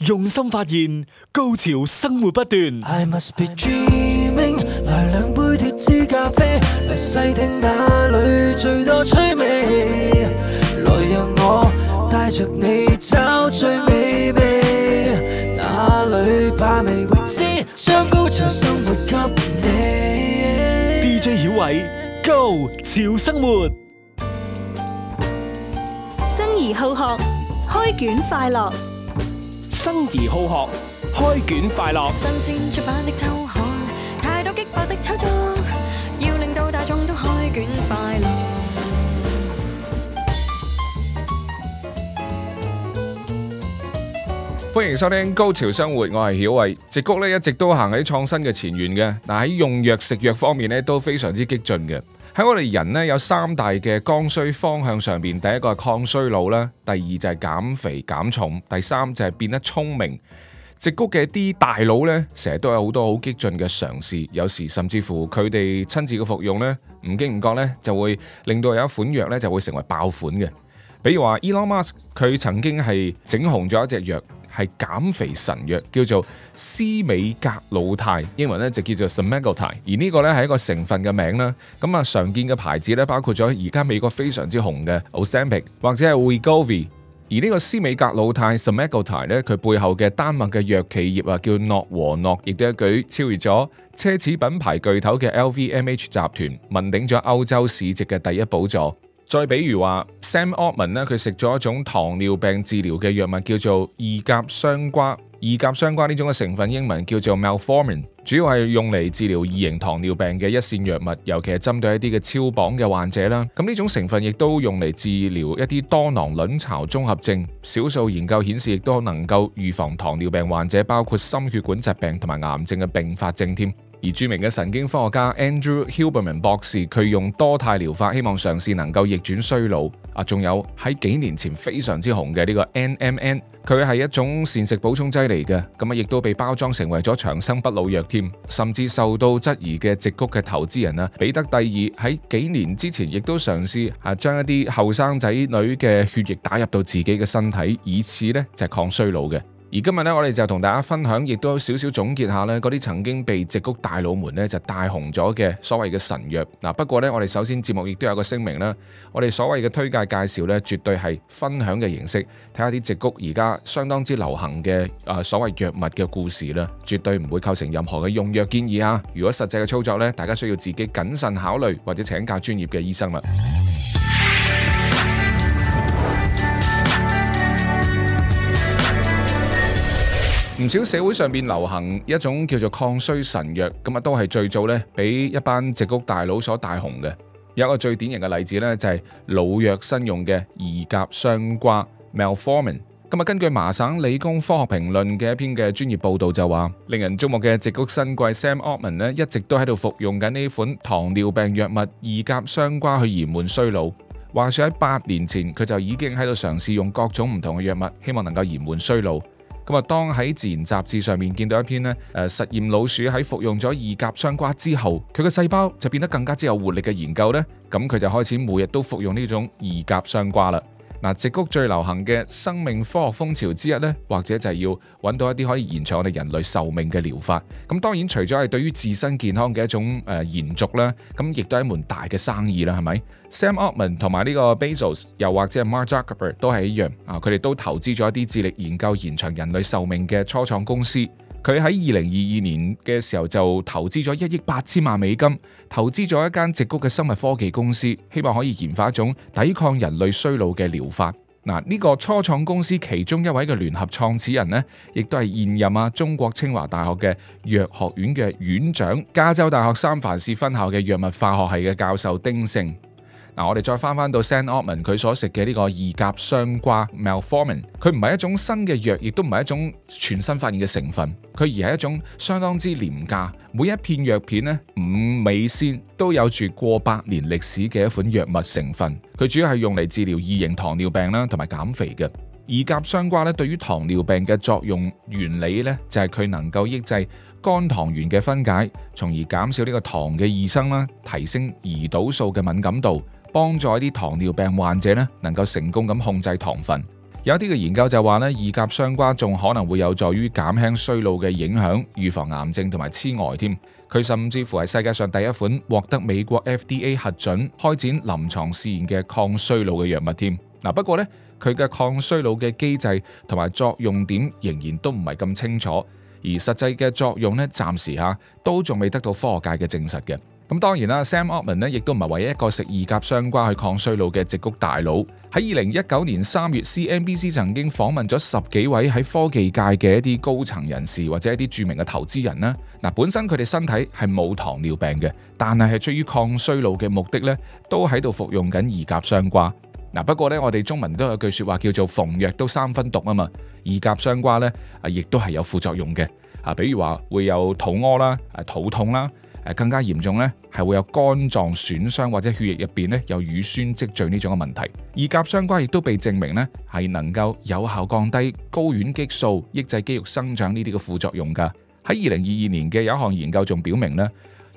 用心發現，高潮生活不斷。DJ 小偉，Go 潮生活，生而好學，開卷快樂。生而好學，開卷快樂。新鮮出版的周刊，太多激爆的炒作，要令到大眾都開卷快樂。歡迎收聽《Go 潮生活》，我係曉慧。矽谷咧一直都行喺創新嘅前沿嘅，嗱喺用藥食藥方面咧都非常之激進嘅。喺我哋人呢，有三大嘅剛需方向上邊，第一個係抗衰老啦，第二就係減肥減重，第三就係變得聰明。矽谷嘅啲大佬呢，成日都有好多好激進嘅嘗試，有時甚至乎佢哋親自嘅服用呢，唔經唔覺呢，就會令到有一款藥呢，就會成為爆款嘅。比如話，Elon Musk 佢曾經係整紅咗一隻藥。係減肥神藥，叫做斯美格魯泰，英文咧就叫做 semaglutide。而呢個咧係一個成分嘅名啦。咁啊，常見嘅牌子咧，包括咗而家美國非常之紅嘅 Ozempic 或者係 Wegovy。而呢個斯美格魯泰 semaglutide 咧，佢背後嘅丹麥嘅藥企業啊，叫諾和諾，亦都一舉超越咗奢侈品牌巨頭嘅 LVMH 集團，問鼎咗歐洲市值嘅第一寶座。再比如話，Sam Altman 咧，佢食咗一種糖尿病治療嘅藥物，叫做二甲雙胍。二甲雙胍呢種嘅成分英文叫做 Metformin，主要係用嚟治療二型糖尿病嘅一線藥物，尤其係針對一啲嘅超磅嘅患者啦。咁呢種成分亦都用嚟治療一啲多囊卵巢綜合症。少數研究顯示，亦都能夠預防糖尿病患者包括心血管疾病同埋癌症嘅併發症添。而著名嘅神經科學家 Andrew Huberman 博士，佢用多肽療法，希望嘗試能夠逆轉衰老。啊，仲有喺幾年前非常之紅嘅呢個 NMN，佢係一種膳食補充劑嚟嘅，咁啊亦都被包裝成為咗長生不老藥添，甚至受到質疑嘅矽谷嘅投資人啊彼得第二喺幾年之前亦都嘗試啊將一啲後生仔女嘅血液打入到自己嘅身體，以此呢就係抗衰老嘅。而今日呢，我哋就同大家分享，亦都有少少總結下呢啲曾經被矽谷大佬們呢就帶紅咗嘅所謂嘅神藥。嗱，不過呢，我哋首先節目亦都有個聲明啦，我哋所謂嘅推介介紹呢，絕對係分享嘅形式，睇下啲矽谷而家相當之流行嘅誒、呃、所謂藥物嘅故事啦，絕對唔會構成任何嘅用藥建議啊。如果實際嘅操作呢，大家需要自己謹慎考慮或者請教專業嘅醫生啦。唔少社會上邊流行一種叫做抗衰神藥，咁啊都係最早咧俾一班矽谷大佬所帶紅嘅。有一個最典型嘅例子呢，就係、是、老藥新用嘅二甲雙胍 Metformin。咁啊，根據麻省理工科學評論嘅一篇嘅專業報道就話，令人矚目嘅矽谷新貴 Sam Altman 咧，一直都喺度服用緊呢款糖尿病藥物二甲雙,雙胍去延緩衰老。話說喺八年前，佢就已經喺度嘗試用各種唔同嘅藥物，希望能夠延緩衰老。咁當喺《自然》雜誌上面見到一篇咧，誒實驗老鼠喺服用咗二甲雙胍之後，佢嘅細胞就變得更加之有活力嘅研究咧，咁佢就開始每日都服用呢種二甲雙胍啦。嗱，矽谷最流行嘅生命科學風潮之一呢，或者就係要揾到一啲可以延長我哋人類壽命嘅療法。咁當然除咗係對於自身健康嘅一種誒延續啦，咁亦都係一門大嘅生意啦，係咪？Sam Altman 同埋呢個 Bezos，又或者 Mark Zuckerberg 都係一樣啊！佢哋都投資咗一啲致力研究延長人類壽命嘅初創公司。佢喺二零二二年嘅時候就投資咗一億八千萬美金，投資咗一間矽谷嘅生物科技公司，希望可以研發一種抵抗人類衰老嘅療法。嗱，呢個初創公司其中一位嘅聯合創始人呢，亦都係現任啊中國清華大學嘅藥學院嘅院長、加州大學三藩市分校嘅藥物化學系嘅教授丁勝。嗱，我哋再翻翻到 Sam Altman 佢所食嘅呢個二甲雙胍 Metformin 佢唔係一種新嘅藥，亦都唔係一種全新發現嘅成分，佢而係一種相當之廉價，每一片藥片呢，五美仙都有住過百年歷史嘅一款藥物成分。佢主要係用嚟治療二型糖尿病啦，同埋減肥嘅二甲雙胍咧。對於糖尿病嘅作用原理呢，就係、是、佢能夠抑制肝糖原嘅分解，從而減少呢個糖嘅異生啦，提升胰島素嘅敏感度。幫助一啲糖尿病患者咧，能夠成功咁控制糖分。有啲嘅研究就話呢，二甲雙胍仲可能會有助於減輕衰老嘅影響，預防癌症同埋痴呆添。佢甚至乎係世界上第一款獲得美國 FDA 核准開展臨床試驗嘅抗衰老嘅藥物添。嗱，不過呢，佢嘅抗衰老嘅機制同埋作用點仍然都唔係咁清楚，而實際嘅作用呢，暫時吓都仲未得到科學界嘅證實嘅。咁當然啦，Sam Altman 呢亦都唔係唯一一個食二甲雙胍去抗衰老嘅矽谷大佬。喺二零一九年三月，CNBC 曾經訪問咗十幾位喺科技界嘅一啲高層人士或者一啲著名嘅投資人啦。嗱，本身佢哋身體係冇糖尿病嘅，但係係出於抗衰老嘅目的呢，都喺度服用緊二甲雙胍。嗱，不過呢，我哋中文都有句説話叫做「逢藥都三分毒」啊嘛，二甲雙胍呢，啊，亦都係有副作用嘅啊，比如話會有肚屙啦、啊肚痛啦。誒更加嚴重呢，係會有肝臟損傷或者血液入邊咧有乳酸積聚呢種嘅問題。二甲雙胍亦都被證明呢，係能夠有效降低睾丸激素、抑制肌肉生長呢啲嘅副作用㗎。喺二零二二年嘅有一項研究仲表明呢，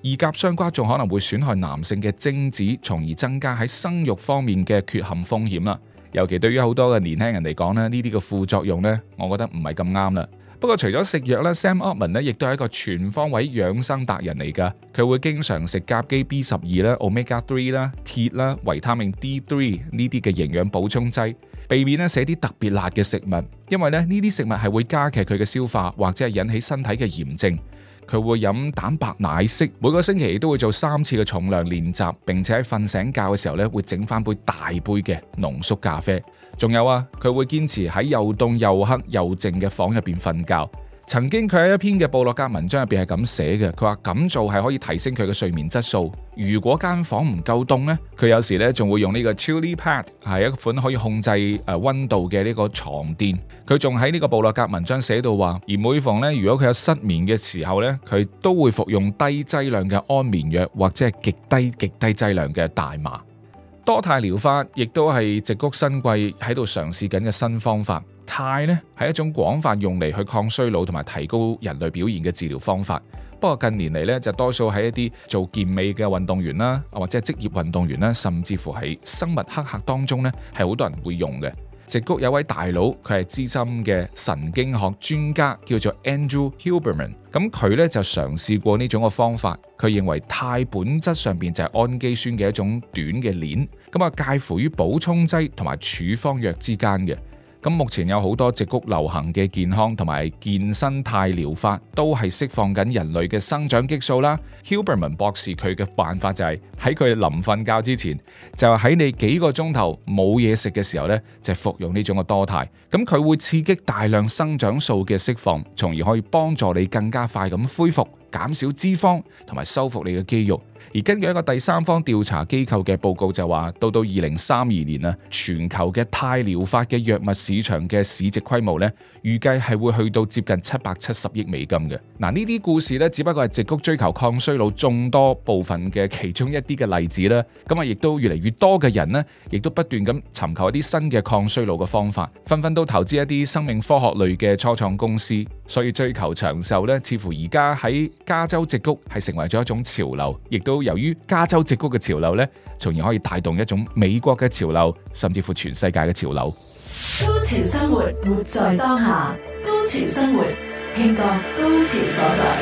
二甲雙胍仲可能會損害男性嘅精子，從而增加喺生育方面嘅缺陷風險啦。尤其對於好多嘅年輕人嚟講咧，呢啲嘅副作用呢，我覺得唔係咁啱啦。不過除咗食藥咧，Sam Altman 咧亦都係一個全方位養生達人嚟㗎。佢會經常食甲基 B 十二啦、Omega Three 啦、鐵啦、維他命 D 三呢啲嘅營養補充劑，避免咧食啲特別辣嘅食物，因為咧呢啲食物係會加劇佢嘅消化或者係引起身體嘅炎症。佢會飲蛋白奶昔，每個星期都會做三次嘅重量練習，並且喺瞓醒覺嘅時候咧會整翻杯大杯嘅濃縮咖啡。仲有啊，佢會堅持喺又凍又黑又靜嘅房入邊瞓覺。曾經佢喺一篇嘅部落格文章入邊係咁寫嘅，佢話咁做係可以提升佢嘅睡眠質素。如果間房唔夠凍呢，佢有時呢仲會用呢個 Chilly Pad，係一款可以控制誒温度嘅呢個床墊。佢仲喺呢個部落格文章寫到話，而每逢呢，如果佢有失眠嘅時候呢，佢都會服用低劑量嘅安眠藥或者係極低極低劑量嘅大麻。多肽療法亦都係矽谷新貴喺度嘗試緊嘅新方法。肽呢係一種廣泛用嚟去抗衰老同埋提高人類表現嘅治療方法。不過近年嚟咧就多數喺一啲做健美嘅運動員啦，或者係職業運動員啦，甚至乎喺生物黑客當中咧係好多人會用嘅。矽谷有位大佬，佢係資深嘅神經學專家，叫做 Andrew Huberman。咁佢咧就嘗試過呢種嘅方法，佢認為肽本質上面就係氨基酸嘅一種短嘅鏈，咁啊介乎於補充劑同埋處方藥之間嘅。咁目前有好多矽谷流行嘅健康同埋健身肽療法，都係釋放緊人類嘅生長激素啦。Huberman 博士佢嘅辦法就係喺佢臨瞓覺之前，就喺你幾個鐘頭冇嘢食嘅時候呢，就服用呢種嘅多肽。咁佢會刺激大量生長素嘅釋放，從而可以幫助你更加快咁恢復，減少脂肪同埋修復你嘅肌肉。而根據一個第三方調查機構嘅報告就話，到到二零三二年啊，全球嘅肽療法嘅藥物市場嘅市值規模呢，預計係會去到接近七百七十億美金嘅。嗱、啊，呢啲故事呢，只不過係矽谷追求抗衰老眾多部分嘅其中一啲嘅例子啦。咁啊，亦都越嚟越多嘅人呢，亦都不斷咁尋求一啲新嘅抗衰老嘅方法，紛紛都投資一啲生命科學類嘅初創公司，所以追求長壽呢，似乎而家喺加州矽谷係成為咗一種潮流，亦都由於加州矽谷嘅潮流呢，從而可以帶動一種美國嘅潮流，甚至乎全世界嘅潮流。Go 潮生活，活在當下；Go 潮生活，興高；Go 潮所在。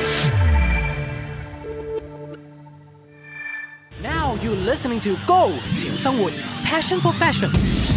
Now you're listening to Go 潮生活，Passion for Fashion。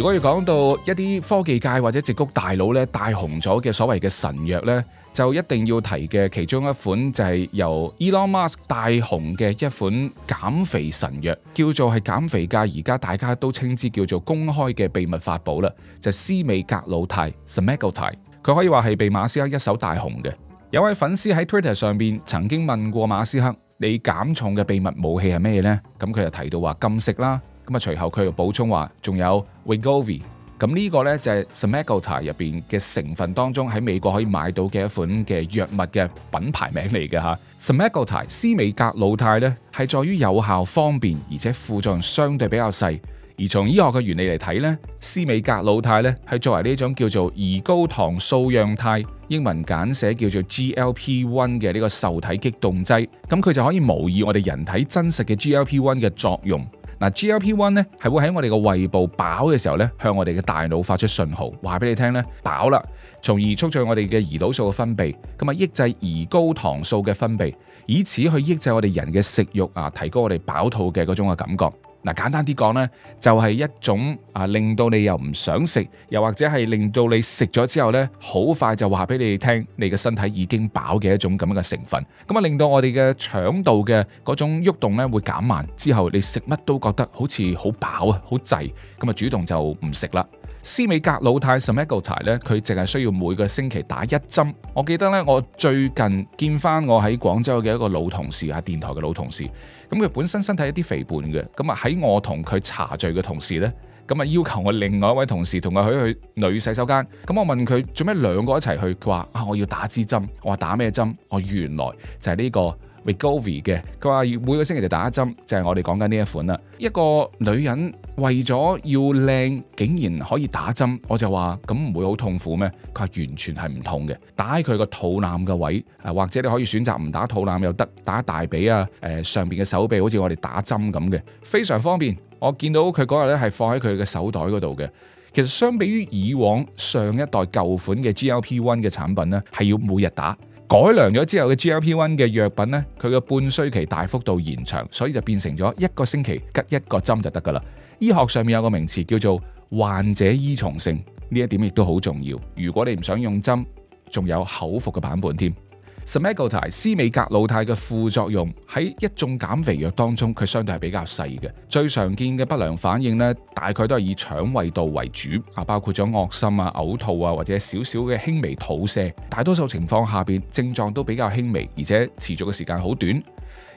如果要講到一啲科技界或者矽谷大佬咧，帶紅咗嘅所謂嘅神藥呢，就一定要提嘅其中一款，就係由 Elon Musk 帶紅嘅一款減肥神藥，叫做係減肥界而家大家都稱之叫做公開嘅秘密法寶啦，就係、斯美格魯泰 Semaglutide 佢可以話係被馬斯克一手帶紅嘅。有位粉絲喺 Twitter 上邊曾經問過馬斯克：你減重嘅秘密武器係咩呢？咁佢就提到話：禁食啦。咁啊，隨後佢又補充話，仲有 Wegovy，咁呢個呢就係 Semaglutide 入邊嘅成分，當中喺美國可以買到嘅一款嘅藥物嘅品牌名嚟嘅嚇。Semaglutide 斯美格魯肽呢，係在於有效、方便，而且副作用相對比較細。而從醫學嘅原理嚟睇呢，斯美格魯肽呢係作為呢一種叫做胰高糖素樣肽，英文簡寫叫做 GLP-1 嘅呢個受體激動劑，咁佢就可以模擬我哋人體真實嘅 GLP-1 嘅作用。嗱，GLP-1 咧，係會喺我哋個胃部飽嘅時候咧，向我哋嘅大腦發出信號，話俾你聽咧，飽啦，從而促進我哋嘅胰島素嘅分泌，咁啊抑制胰高糖素嘅分泌，以此去抑制我哋人嘅食慾，啊，提高我哋飽肚嘅嗰種嘅感覺。嗱，簡單啲講呢就係一種啊，令到你又唔想食，又或者係令到你食咗之後呢，好快就話俾你聽，你嘅身體已經飽嘅一種咁樣嘅成分。咁啊，令到我哋嘅腸道嘅嗰種喐動咧會減慢，之後你食乜都覺得好似好飽啊，好滯，咁啊主動就唔食啦。斯美格老太 s m e g o 咧，佢淨係需要每個星期打一針。我記得咧，我最近見翻我喺廣州嘅一個老同事，喺電台嘅老同事。咁佢本身身體一啲肥胖嘅，咁啊喺我同佢茶聚嘅同時呢，咁啊要求我另外一位同事同佢去女洗手間。咁我問佢做咩兩個一齊去，佢話啊我要打支針。我話打咩針？我原來就係呢、這個。嘅，佢話每個星期就打一針，就係、是、我哋講緊呢一款啦。一個女人為咗要靚，竟然可以打針，我就話咁唔會好痛苦咩？佢話完全係唔痛嘅，打喺佢個肚腩嘅位，或者你可以選擇唔打肚腩又得，打大髀啊，誒、呃、上邊嘅手臂，好似我哋打針咁嘅，非常方便。我見到佢嗰日咧係放喺佢嘅手袋嗰度嘅。其實相比於以往上一代舊款嘅 GLP-1 嘅產品呢，係要每日打。改良咗之後嘅 GLP-1 嘅藥品呢，佢嘅半衰期大幅度延長，所以就變成咗一個星期拮一個針就得㗎喇。醫學上面有個名詞叫做患者依從性，呢一點亦都好重要。如果你唔想用針，仲有口服嘅版本添。Seagal 斯美格魯肽嘅副作用喺一眾減肥藥當中，佢相對係比較細嘅。最常見嘅不良反應呢，大概都係以腸胃道為主，啊，包括咗惡心啊、嘔吐啊，或者少少嘅輕微吐瀉。大多數情況下邊，症狀都比較輕微，而且持續嘅時間好短。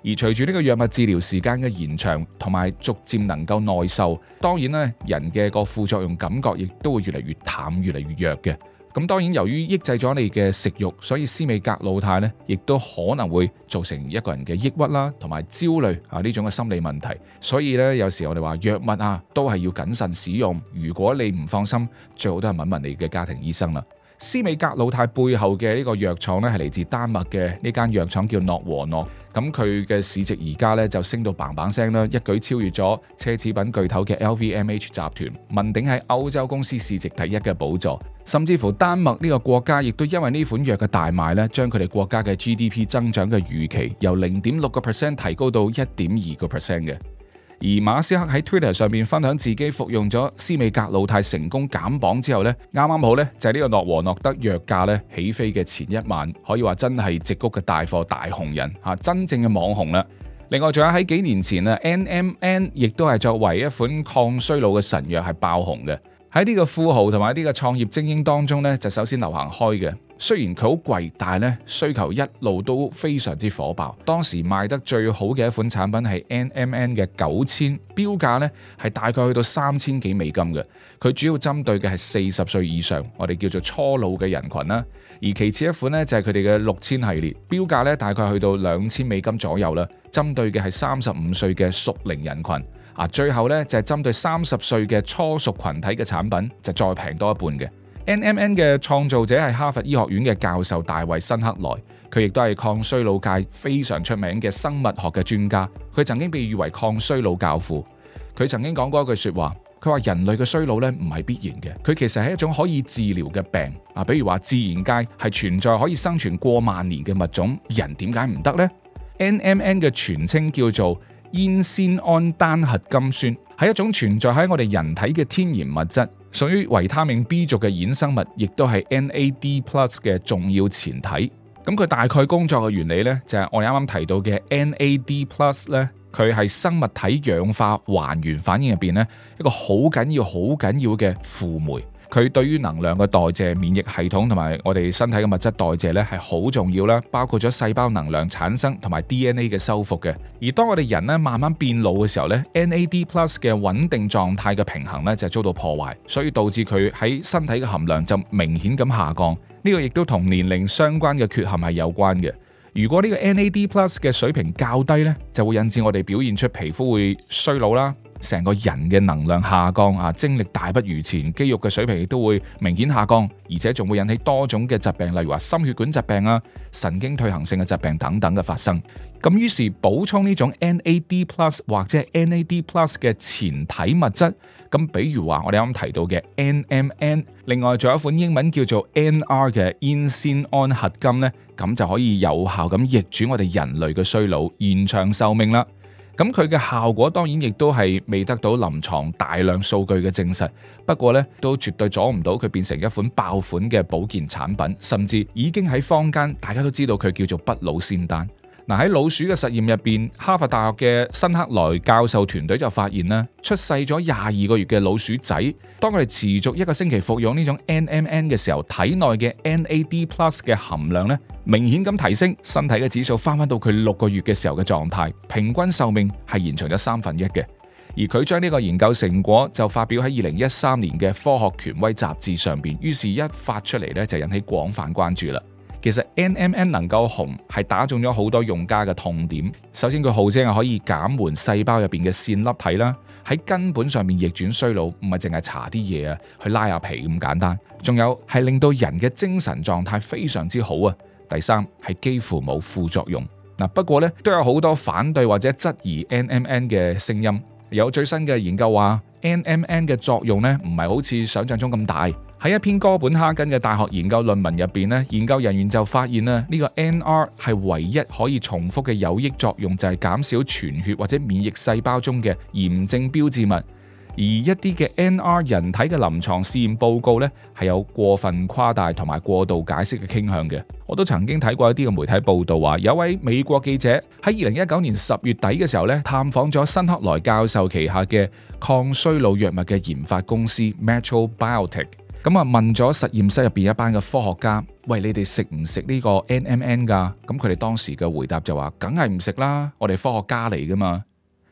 而隨住呢個藥物治療時間嘅延長，同埋逐漸能夠耐受，當然呢，人嘅個副作用感覺亦都會越嚟越淡，越嚟越弱嘅。咁當然，由於抑制咗你嘅食慾，所以司美格魯肽呢亦都可能會造成一個人嘅抑鬱啦，同埋焦慮啊呢種嘅心理問題。所以呢，有時我哋話藥物啊，都係要謹慎使用。如果你唔放心，最好都係問問你嘅家庭醫生啦。司美格魯肽背後嘅呢個藥廠呢，係嚟自丹麥嘅呢間藥廠叫諾和諾。咁佢嘅市值而家呢就升到棒棒聲啦，一舉超越咗奢侈品巨頭嘅 LVMH 集團，問鼎喺歐洲公司市值第一嘅寶座。甚至乎丹麥呢個國家，亦都因為呢款藥嘅大賣呢，將佢哋國家嘅 GDP 增長嘅預期由零點六個 percent 提高到一點二個 percent 嘅。而馬斯克喺 Twitter 上面分享自己服用咗斯美格魯肽成功減磅之後呢，啱啱好呢，就係呢個諾和諾德藥價呢，起飛嘅前一晚，可以話真係矽谷嘅大佬大紅人嚇，真正嘅網紅啦。另外仲有喺幾年前啊，N M N 亦都係作為一款抗衰老嘅神藥係爆紅嘅，喺呢個富豪同埋呢個創業精英當中呢就首先流行開嘅。雖然佢好貴，但係咧需求一路都非常之火爆。當時賣得最好嘅一款產品係 NMN 嘅九千，標價咧係大概去到三千幾美金嘅。佢主要針對嘅係四十歲以上，我哋叫做初老嘅人群啦。而其次一款呢，就係佢哋嘅六千系列，標價咧大概去到兩千美金左右啦。針對嘅係三十五歲嘅熟齡人群。啊，最後呢，就係針對三十歲嘅初熟群體嘅產品就再平多一半嘅。NMN 嘅創造者係哈佛醫學院嘅教授大衛辛克萊，佢亦都係抗衰老界非常出名嘅生物學嘅專家。佢曾經被譽為抗衰老教父。佢曾經講過一句説話，佢話人類嘅衰老呢唔係必然嘅，佢其實係一種可以治療嘅病。啊，比如話自然界係存在可以生存過萬年嘅物種，人點解唔得呢？NMN 嘅全稱叫做煙酰胺單核苷酸，係一種存在喺我哋人體嘅天然物質。屬於維他命 B 族嘅衍生物，亦都係 NAD plus 嘅重要前體。咁佢大概工作嘅原理呢，就係我哋啱啱提到嘅 NAD plus 呢，佢係生物體氧化還原反應入邊呢一個好緊要、好緊要嘅輔酶。佢對於能量嘅代謝、免疫系統同埋我哋身體嘅物質代謝咧係好重要啦，包括咗細胞能量產生同埋 DNA 嘅修復嘅。而當我哋人咧慢慢變老嘅時候咧，NAD+ 嘅穩定狀態嘅平衡咧就遭到破壞，所以導致佢喺身體嘅含量就明顯咁下降。呢個亦都同年齡相關嘅缺陷係有關嘅。如果呢個 NAD+ 嘅水平較低咧，就會引致我哋表現出皮膚會衰老啦。成個人嘅能量下降啊，精力大不如前，肌肉嘅水平亦都會明顯下降，而且仲會引起多種嘅疾病，例如話心血管疾病啊、神經退行性嘅疾病等等嘅發生。咁於是補充呢種 NAD+，或者 NAD+ 嘅前體物質，咁比如話我哋啱啱提到嘅 NMN，另外仲有一款英文叫做 NR 嘅煙酰胺核苷咧，咁就可以有效咁逆轉我哋人類嘅衰老，延長壽命啦。咁佢嘅效果當然亦都係未得到臨床大量數據嘅證實，不過呢，都絕對阻唔到佢變成一款爆款嘅保健產品，甚至已經喺坊間大家都知道佢叫做不老仙丹。嗱，喺老鼠嘅實驗入邊，哈佛大學嘅辛克萊教授團隊就發現咧，出世咗廿二個月嘅老鼠仔，當佢哋持續一個星期服用呢種 NMN 嘅時候，體內嘅 NAD+ 嘅含量咧明顯咁提升，身體嘅指數翻翻到佢六個月嘅時候嘅狀態，平均壽命係延長咗三分一嘅。而佢將呢個研究成果就發表喺二零一三年嘅科學權威雜誌上邊，於是一發出嚟咧就引起廣泛關注啦。其實 NMN 能夠紅係打中咗好多用家嘅痛點。首先佢號稱係可以減緩細胞入邊嘅線粒體啦，喺根本上面逆轉衰老，唔係淨係搽啲嘢啊，去拉下皮咁簡單。仲有係令到人嘅精神狀態非常之好啊。第三係幾乎冇副作用。嗱，不過呢，都有好多反對或者質疑 NMN 嘅聲音。有最新嘅研究話 NMN 嘅作用呢唔係好似想象中咁大。喺一篇哥本哈根嘅大學研究論文入邊呢，研究人員就發現咧，呢個 NR 係唯一可以重複嘅有益作用，就係、是、減少全血或者免疫細胞中嘅炎症標誌物。而一啲嘅 NR 人體嘅臨床試驗報告呢，係有過分誇大同埋過度解釋嘅傾向嘅。我都曾經睇過一啲嘅媒體報道話，有位美國記者喺二零一九年十月底嘅時候呢，探訪咗辛克萊教授旗下嘅抗衰老藥物嘅研發公司 Metro Biotech。咁啊，問咗實驗室入邊一班嘅科學家，喂，你哋食唔食呢個 NMN 㗎？咁佢哋當時嘅回答就話，梗係唔食啦，我哋科學家嚟㗎嘛。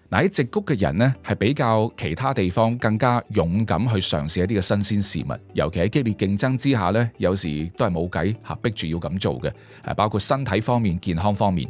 嗱，喺矽谷嘅人呢，係比較其他地方更加勇敢去嘗試一啲嘅新鮮事物，尤其喺激烈競爭之下呢，有時都係冇計吓，逼住要咁做嘅。誒，包括身體方面、健康方面。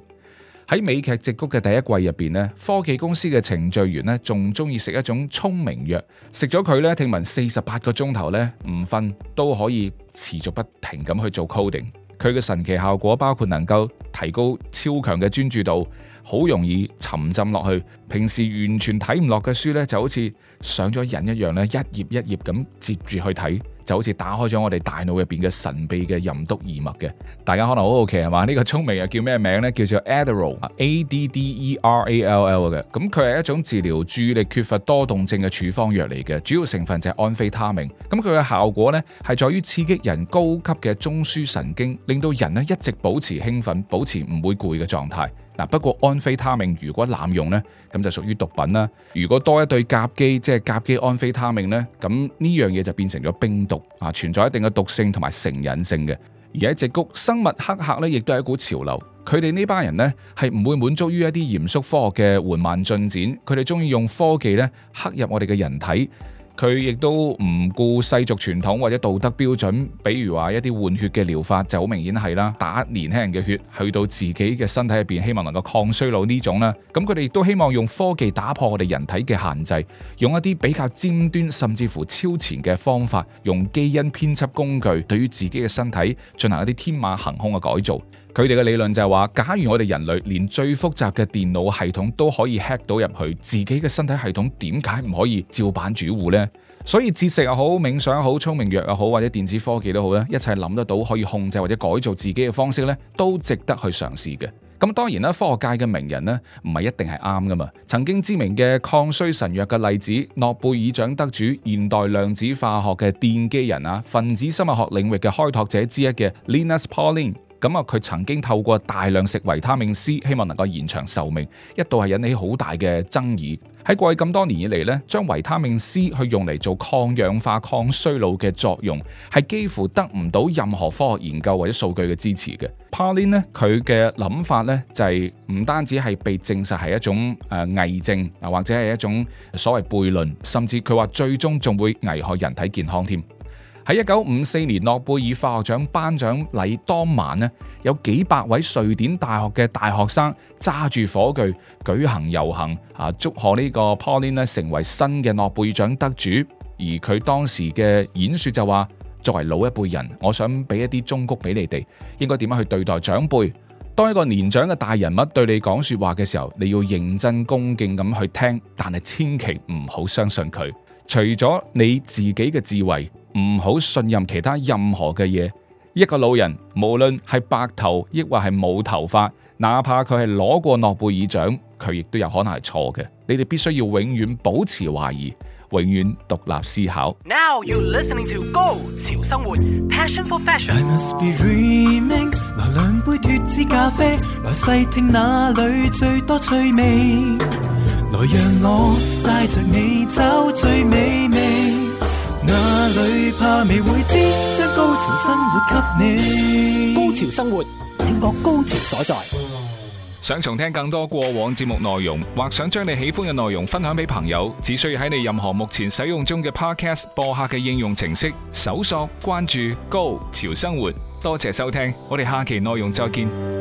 喺美劇《矽谷》嘅第一季入邊咧，科技公司嘅程序員咧仲中意食一種聰明藥，食咗佢咧，聽聞四十八個鐘頭咧唔瞓都可以持續不停咁去做 coding。佢嘅神奇效果包括能夠提高超強嘅專注度。好容易沉浸落去，平時完全睇唔落嘅書呢，就好似上咗癮一樣呢，一頁一頁咁接住去睇，就好似打開咗我哋大腦入邊嘅神秘嘅任督二脈嘅。大家可能好好奇係嘛？呢個聰明藥叫咩名呢？叫做 Adderall，A D D E R A L L 嘅。咁佢係一種治療注意力缺乏多動症嘅處方藥嚟嘅，主要成分就係安非他命。咁佢嘅效果呢，係在於刺激人高級嘅中樞神經，令到人呢一直保持興奮，保持唔會攰嘅狀態。不過安非他命如果濫用呢，咁就屬於毒品啦。如果多一對甲基，即係甲基安非他命呢，咁呢樣嘢就變成咗冰毒啊，存在一定嘅毒性同埋成癮性嘅。而喺矽谷生物黑客呢，亦都係一股潮流。佢哋呢班人呢，係唔會滿足於一啲嚴肅科學嘅緩慢進展，佢哋中意用科技呢，黑入我哋嘅人體。佢亦都唔顧世俗傳統或者道德標準，比如話一啲換血嘅療法就好明顯係啦，打年輕人嘅血去到自己嘅身體入邊，希望能夠抗衰老呢種啦。咁佢哋亦都希望用科技打破我哋人體嘅限制，用一啲比較尖端甚至乎超前嘅方法，用基因編輯工具對於自己嘅身體進行一啲天馬行空嘅改造。佢哋嘅理論就係話，假如我哋人類連最複雜嘅電腦系統都可以 hack 到入去，自己嘅身體系統點解唔可以照板煮碗呢？所以節食又好，冥想又好，聰明藥又好，或者電子科技都好咧，一切諗得到可以控制或者改造自己嘅方式咧，都值得去嘗試嘅。咁當然啦，科學界嘅名人呢，唔係一定係啱噶嘛。曾經知名嘅抗衰神藥嘅例子，諾貝爾獎得主、現代量子化學嘅奠基人啊，分子生物學領域嘅開拓者之一嘅 Linus Pauling 咁啊，佢曾經透過大量食維他命 C，希望能夠延長壽命，一度係引起好大嘅爭議。喺過去咁多年以嚟咧，將維他命 C 去用嚟做抗氧化、抗衰老嘅作用，係幾乎得唔到任何科學研究或者數據嘅支持嘅。Pauling 咧，佢嘅諗法咧就係、是、唔單止係被證實係一種誒偽、呃、症啊，或者係一種所謂悖論，甚至佢話最終仲會危害人體健康添。喺一九五四年諾貝爾化學獎頒獎禮當晚呢，有幾百位瑞典大學嘅大學生揸住火炬舉行遊行，啊，祝賀呢個 Pauling 呢成為新嘅諾貝爾獎得主。而佢當時嘅演說就話：，作為老一輩人，我想俾一啲忠告俾你哋，應該點樣去對待長輩？當一個年長嘅大人物對你講說話嘅時候，你要認真恭敬咁去聽，但係千祈唔好相信佢，除咗你自己嘅智慧。唔好信任其他任何嘅嘢。一個老人，無論係白頭抑或係冇頭髮，哪怕佢係攞過諾貝爾獎，佢亦都有可能係錯嘅。你哋必須要永遠保持懷疑，永遠獨立思考。Now you listening to Go 潮生活，passion for fashion。I must be dreaming。來兩杯脱脂咖啡，來細聽那裏最多趣味。來讓我帶着你走最美味。哪裏怕未會知？將 Go 潮生活給你。Go 潮生活，聽我高潮所在。想重聽更多過往節目內容，或想將你喜歡嘅內容分享俾朋友，只需要喺你任何目前使用中嘅 Podcast 播客嘅應用程式搜索、關注 “Go 潮生活”。多謝收聽，我哋下期內容再見。